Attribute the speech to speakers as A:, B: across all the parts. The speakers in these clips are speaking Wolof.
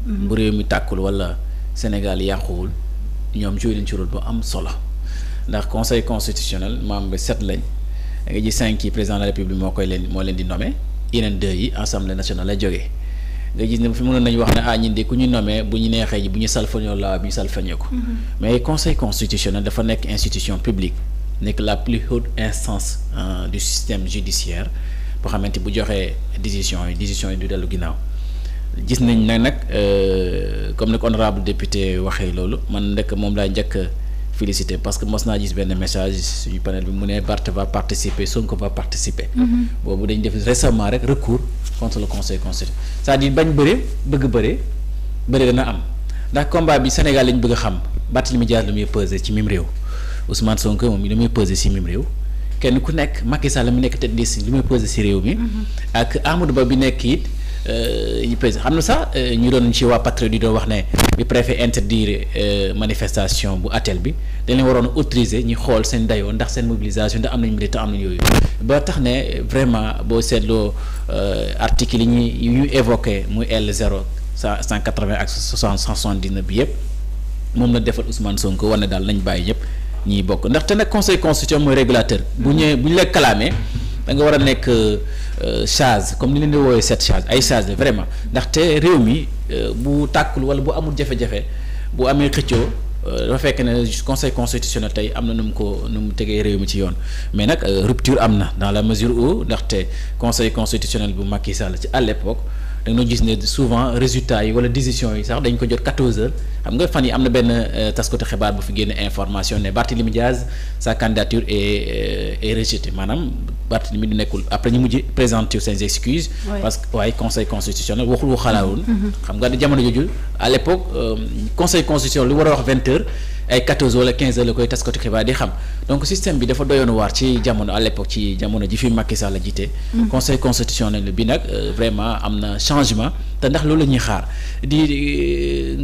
A: Mm-hmm. bu réew mi tàkkul wala Sénégal yàquwul ñoom joué nañ ci bu am solo ndax conseil constitutionnel membre sept lañ nga ji cinq yi président de la république moo koy leen moo leen di nome yeneen deux yi assemblée nationale la jógee nga gis ne fi mënoon nañu wax ne ah ñun de ku ñu nommé bu ñu neexee bu ñu salfañoo laa bu sal salfañee ko. Mm-hmm. mais conseil constitutionnel dafa nekk institution publique nekk la plus haute instance euh, du système judiciaire boo xamante bu joxee décision yi décision yi du dellu ginnaaw. gis nañ nag nag euh, comme ni ko honorable député waxee loolu man ndekk moom laa njëkk félicité parce que mos naa gis benn message suñu panel bi mu ne Barth va participer Sonko va participer. Mhm. boobu dañ def récemment rek recours contre le conseil constitutionnel sa à dire bañ bëre bëgg bëre bëre dana am ndax combat bi Sénégal lañ bëgg a xam Barthélémy Dias lu muy peser ci mim réew Ousmane Sonko moom lu muy peser ci mim réew kenn ku nekk Macky Sall mu nekk tête de liste lu muy réew mi. Mhm. ak Euh, yi président xam na sax euh, ñu doon ci waa patriote yi doon wax ne bi préfet interdire euh, manifestation bu atel bi dañ leen waroon autoriser ñu xool seen dayoo ndax seen mobilisation ndax am nañu militant am nañu yooyu ba tax ne vraiment boo seetloo article yi ñuy yi ñu évoqué muy L zéro cent quatre-vingt ak cent soixante-dix-neuf bi yëpp moom la defal Ousmane Sonko war ne daal nañ bàyyi ñëpp ñiy bokk ndaxte nag conseil constitutionnel mooy régulateur bu ñëwee bu ñu la kalaamee da nga war a nekk euh, charge comme ni leen di woowee cette charge ay charge vraiment ndaxte réew mi euh, bu tàkkul wala bu amul jafe-jafe bu amee xëccoo euh, dafa fekk ne conseil constitutionnel tey am na nu mu ko nu mu tegee réew mi ci yoon mais nag rupture am na dans la mesure où ndaxte conseil constitutionnel bu Macky la ci à l'époque dañoo gis ne souvent résultats yi wala décision yi sax dañ ko jot 14 heures xam nga fan yi am na benn euh, taskatu xibaar bu fi génn information ne Barthélemy Diaz sa candidature est euh, est rejetée maanaam Barthélemy du nekkul après ñu mujj présenter seen excuses. parce que waaye conseil constitutionnel waxul waxalaawoon. Mm-hmm. xam nga jamono jooju à l'époque euh, conseil constitutionnel lu war a wax 20 ay 14 wala 15 heures la koy taskatu xibaar di xam donc système bi dafa doyoon waar ci jamono à l'époque ci jamono ji fi Macky Sall la jiite. Mm. conseil constitutionnel bi nag euh, vraiment am na changement te ndax loolu la ñuy xaar di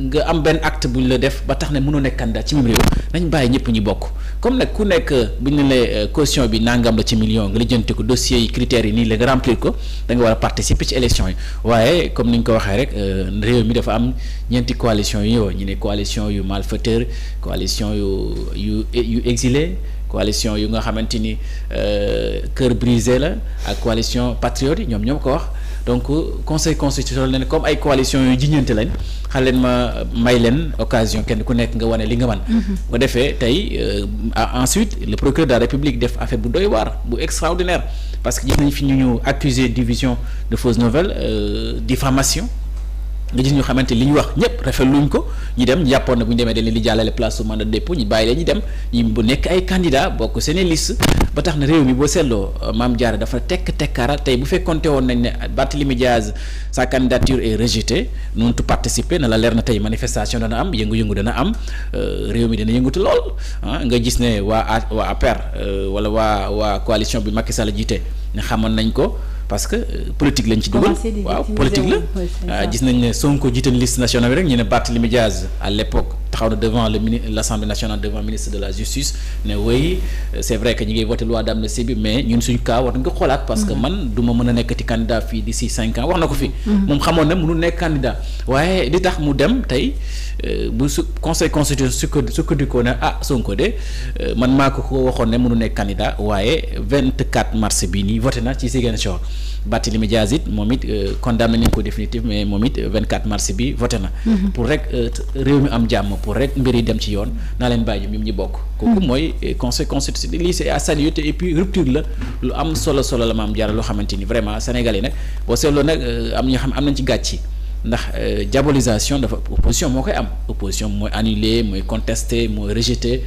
A: nga am benn acte bu ñu la def ba tax ne mënoo nekk candidat ci même réew nañ bàyyi ñëpp ñu bokk. comme nag ku nekk bu ñu la euh, caution bi nangam la ci million nga lijjanti ko dossiers yi critères yi nii la nga remplir ko da nga war a participer ci élection yi waaye comme ni ñu ko waxee rek euh, réew mi dafa am ñeenti coalition yu ñëw ñu ne coalition yu malfaiteur coalition yu yu yu exilé coalition yu nga xamante ni kër euh, brisé la ak coalition patriote yi ñoom ñoom ko wax donc conseil constitutionnel ne comme ay coalition yu jiñante lañ xal leen ma may leen occasion kenn ku nekk nga wane li nga mën mm-hmm. bu defee tey euh, ensuite le procureur de la république def affaire bu doy waar bu extraordinaire parce que gis nañ fi ñu ñu accuser division de fausses nouvelles euh, diffamation nga gis ñu xamante li ñu wax ñëpp rafetluñ ko ñi dem jàppoon na bu ñu demee dañ leen di jàllale place su mandat de dépôt ñu bàyyi leen ñu dem ñu bu nekk ay candidat bokk seen liste ba tax na réew mi boo seetloo euh, maam Diarra dafa tekk tekkaara tey bu fekkonte woon nañ ne Barthélemy Diaz sa candidature est rejetée noonu tu participer na la leer na tey manifestation dana am yëngu-yëngu dana am euh, réew mi dana yëngutu lool ah nga gis ne waa waa APR euh, wala waa waa coalition bi Macky la jiite ne xamoon nañ ko parce que politique lañ ci dugal waaw politique la ah, gis nañ ne Sonko jiite liste nationale bi rek ñu ne Barthélemy Diaz à l'époque taxaw na devant le mini l'Assemblée nationale devant ministre de la justice ne oui c'est vrai que ñi ngi voté loi d'amnistie bi mais ñun suñu cas war nañ xoolaat parce que mm-hmm. man du mën a nekkati candidat fii d'ici cinq ans wax na ko fi. Mm-hmm. moom xamoon na mënul waaye li tax mu dem tey euh, bu su conseil constitutionnel sukk sukkandikoo ne ah Sonko de euh, man maa ko ko waxoon ne mënul nekk candidat waaye vingt quatre mars bi nii voté na ci Ziguinchor Barthélémy Dias it moom it euh, condamné nañ ko définitive mais moom it vingt quatre mars bi voté na. Mm-hmm. pour rek réew mi am jàmm. pour rek mbir yi dem ci yoon naa leen bàyyi ñoom ñi bokk. kooku hmm. mooy eh, conséquence lii c'est à saluer et puis rupture la lu am solo solo la am Diarra loo xamante ni vraiment sénégalais nag boo seetloo nag eh, am ñoo xam am nañ ci gàcci ndax eh, diabolisation dafa opposition moo koy am opposition mooy annuler mooy contester mooy rejeter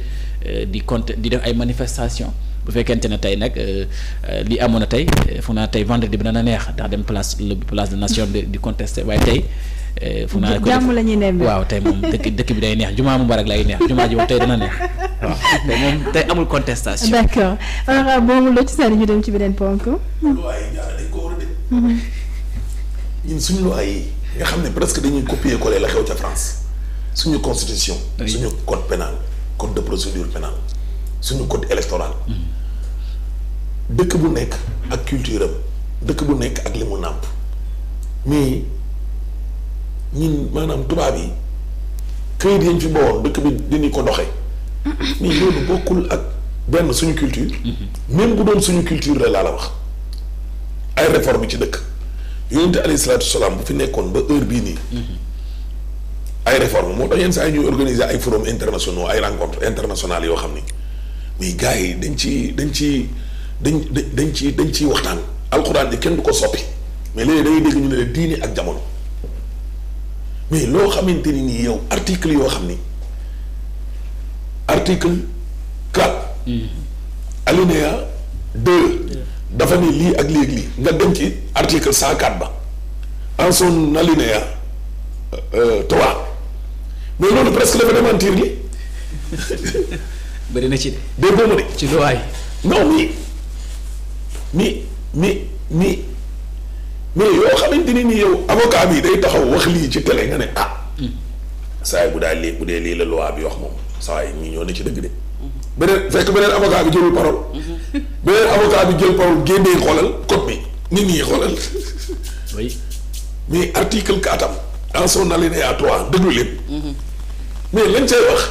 A: di cont di def ay manifestations. bu fekkente ne tey nag euh, euh, li amoon na tey euh, fu naa tey vendredi bi dana neex ndax dem place le place de nation di contesté waaye tey. fu naa ko jàmm la ñuy nemmeeku waaw tey moom dëkk dëkk bi day neex jumaa mubarak lay neex jumaa ji moom tey dana neex waaw tey moom tey amul contestation. d'accord alors boobu loo ci sànni ñu dem ci beneen ponk. ñun
B: suñu loi yi nga xam ne presque dañuy copier coller la xew ca France suñu constitution. suñu code pénal code de procédure suñu code électoral. dëkk bu nekk ak culture dëkk bu nekk ak li mu nàmp mais ñun maanaam tubaab yi këyit yañ fi bawoon dëkk bi dañuy ko doxee mais bokkul ak benn suñu culture même bu doon suñu culture la laa la wax ay réforme yi ci dëkk yonente alayhi salaatu salaam bu fi nekkoon ba heure bii nii ay réforme moo tax yenn saa yi ñuy organiser ay forum internationaux ay rencontre internationale yoo xam ni mais gars yi dañ ci dañ ci dañ dañ ci dañ ciy waxtaan alxuraan ji kenn du ko soppi mais léegi da dégg ñu ne diini ak jamono mais loo xamante ni nii yow article yoo xam ni article quatre mm-hmm. alinéa deux dafa ni lii ak lii ak lii nga dem ci article cent ba en son alinéa euh, euh, trois mais loolu presque dafa démentir li bëri na ci de. déggoo ma de. ci loi yi. non mi mi mi mi mais yoo xamante ne ni yow avocat bi day taxaw wax lii ci télé nga ne ah. Hmm. saa yi bu daal lii bu dee lii la loi bi wax moom saa yi ñoo ne ci dëgg de. Hmm. beneen fekk beneen avocat bi jëlul parole. Hmm. beneen avocat bi jël parole génnee xoolal code bi nit ñi xoolal. oui mais article quatre am. en son alinéa leen. mais lañ cay wax.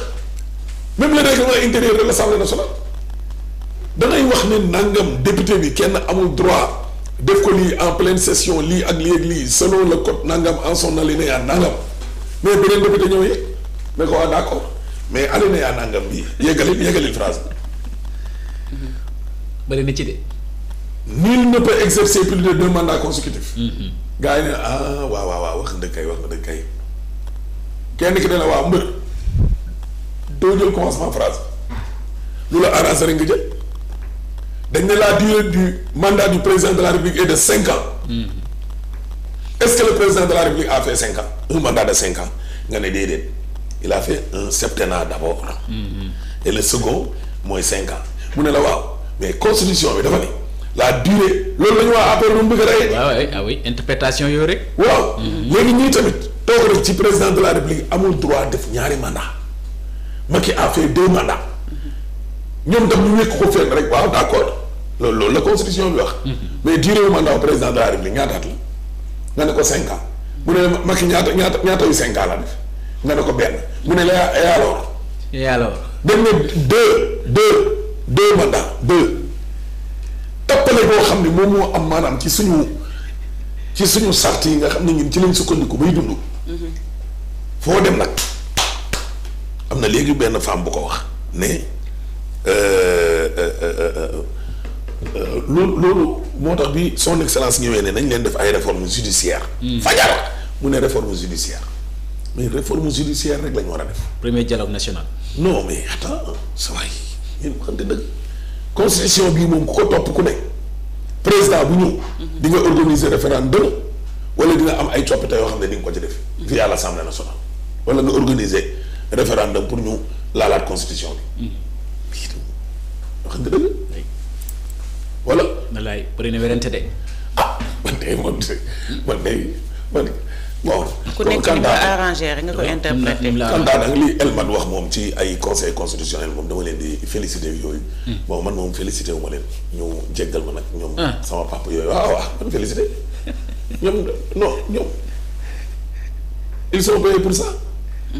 B: même le règlement intérieur de l'Assemblée nationale da ngay wax ne nangam député bi kenn amul droit def ko lii en pleine session lii ak lii ak lii selon le code nangam en son alinéa nangam mais beneen député ñëw yëg ne ko waa ah, d'accord mais alinéa nangam bi yeggalil yeggalil phrase
A: bi. bëri na ci de. nul ne peut exercer
B: plus de deux mandats consécutifs. Mm-hmm. gars yi ne ah waaw waaw wax nga dëgg wax nga dëgg kay. kenn ki ne la waa mbër. doo jël commencement phrase lu la arrangé rek nga jël dañ ne la durée du mandat du président de la république est de cinq ans.
A: Mm-hmm.
B: est-ce que le président de la république a fait cinq ans un mandat de cinq ans nga ne déedéet il a fait un septennat d'abord.
A: Mm-hmm.
B: et le second mooy cinq ans mu ne la waaw mais constitution bi dafa ne la durée loolu la ñu wax après lu mu bëgg a
A: rey. Ah interprétation yooyu rek.
B: waaw mm-hmm. léegi ñuy tamit toog rek ci président de la république amul droit def ñaari mandat Macky a de deux mandats ñoom tam ñu wékk ko fenn rek waaw d' accord loolu loolu la constitution bi wax. Mhm. mais durée wu mandat président de la république ñaata at la nga ne ko cinq ans mu ne Macky ñaata ñaata ñaata yu cinq ans la def nga ne ko benn mu ne la et alors. et alors dañ ne deux deux deux mandats deux tappale boo xam ne moom moo am maanaam ci suñu ci suñu sart yi nga xam ne ñun ci lañ sukkandiku bay dund. Mhm. foo dem nag. am na léegi benn femme bu ko wax ne euh, euh, euh, loolu loolu moo tax bi son excellence ñëwee ne nañ leen def ay réformes judiciaires. Hmm. fajar mu ne réforme judiciaire mais réforme judiciaire rek la war a def. premier dialogue national. non mais attends sa waay ñun waxante dëgg constitution bii moom ku ko topp ku ne président bu ñëw. Hmm. di nga organiser référendum wala di nga am ay coppite yoo xam ne di nga ko ci def. via l'Assemblée nationale wala nga organiser. référendum pour ñu laalaat constitution bi. Hmm. wax
A: nga dëgg. voilà. walaay bëri na werante de. ah man de man de man de man bon. ku nekk ni ko arrangé rek nga ko hmm. interprété. Kanda
B: nag wax moom ci ay conseil constitutionnel moom dama leen hmm. man moom wu ma leen ñu jéggal ma nag. ñoom ah. sama papa yooyu waaw ah, waaw man félicité
A: ñoom non ñoom
B: ils pour ça.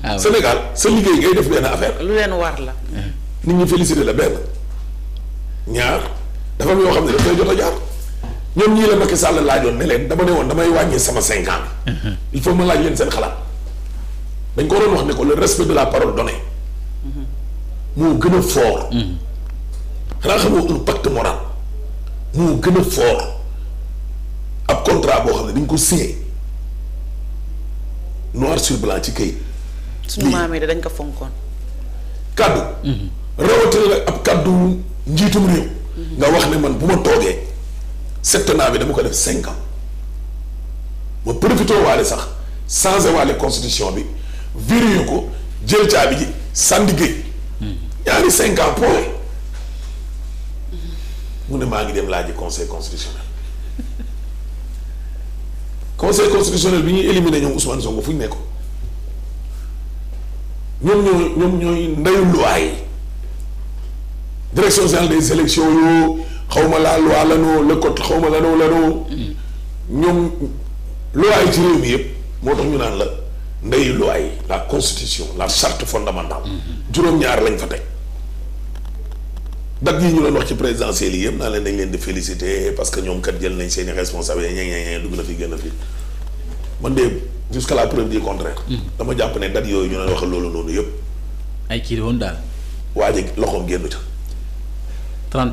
B: Ah Sénégal sa liggéey ngay def benn affaire.
A: lu leen war la. Eh.
B: nit ñi félicité la benn ñaar dafa am yoo xam ne daf lay jot a jaar ñoom ñii la Macky Sall laajoon ne leen dama ne woon damay wàññi sama cinq eh. il faut ma laaj leen seen xalaat dañ ko waroon wax ne ko le respect de la parole donnée. moo gën a fort. Mm-hmm. xanaa xamoo pacte moral moo gën a fort ab contrat boo xam ne dañ ko signé noir sur blanc ci kayit.
A: suñu maam da dañ ko fonkoon.
B: kaddu. Mm-hmm. rawatina nag ab kàddu njiitum réew. Mm-hmm. nga wax ne man bu ma toogee septennat bi dama ko def cinq ans ma profité waale sax changé waale constitution bi viré ko jël caabi ji sànni géej. ñaari mm-hmm. cinq ans point mu ne maa ngi dem laaj conseil constitutionnel conseil constitutionnel bi ñuy éliminé ñoom Ousmane Sonko fu ñu nekkoon. ñoom ñooy ñoom ñooy ndeyu loi yi direction générale des élections yoo xawma la loi lanoo le code xawma lanoo lanoo ñoom loi yi ci réew mi yëpp moo tax ñu naan la ndeyu loi yi la constitution la charte fondamentale mm-hmm. juróom-ñaar lañ fa teg date yi ñu doon wax ci présidentielles yi yëpp naa leen dañ leen di féliciter parce que ñoom kat jël nañ seeni responsabilités ñeeg ñeeg ñeeg dugg na fi gën a fi man de jusqu'à la preuve du contraire. Hmm. dama jàpp ne date yooyu ñu doon wax loolu noonu yëpp. ay kii la woon daal. waa ji loxoom génn ca.
A: 31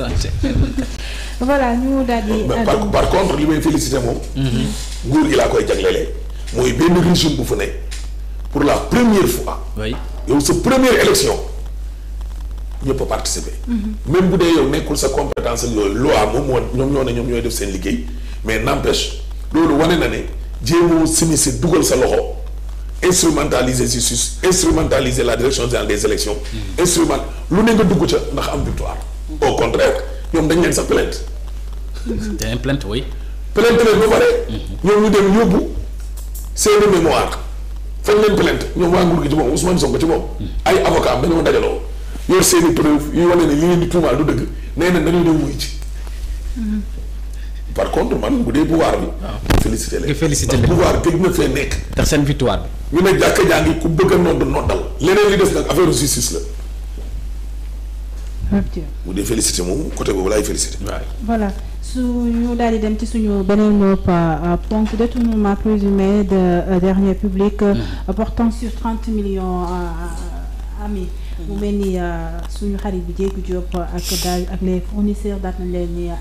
A: li may félicité moom. Hmm. nguur gi laa koy
B: jaglelee. mooy ne pour la première fois. yow sa première élection ñëpp a participer. Hmm. même bu dee yow nekkul sa compétence ak loi moom moo ñoom ñoo ne ñoom ñooy def seen liggéey. mais n'empêche loolu wane na ne jéemoo sinisé dugal sa loxo instrumentaliser justice instrumentaliser la direction générale des élections mm. instrument lu nekk dugg ca ndax am victoire au contraire ñoom dañ leen sa plainte
A: dañ plainte oui
B: plainte leen ba pare mm-hmm. ñoom ñu dem yóbbu seeni mémoire fañ leen plainte ñoom waa nguur gi ci moom Ousmane Sonko ci moom mm. ay avocat am dañoo dajaloo yor seeni preuve yu wane ne li leen di tuumaal du dëgg nee na dañoo dem wuy ci par contre man bu dee pouvoir bi. waaw félicité leen. gëj na fee nekk. ndax seen victoire bi. ne jàkka jaa ngi ku bëgg a nodd noddal. leneen li des nag affaire justice la. bu dee félicité moom côté boobu laay félicité.
A: voilà su ñu daal di dem ci suñu beneen euh, ponk détournement présumé de euh, deniers publics euh, mm. portant sur trente millions amis mu mel ni suñu xarit bi Diégu Diop ak daal ak les fournisseurs daal nañ leen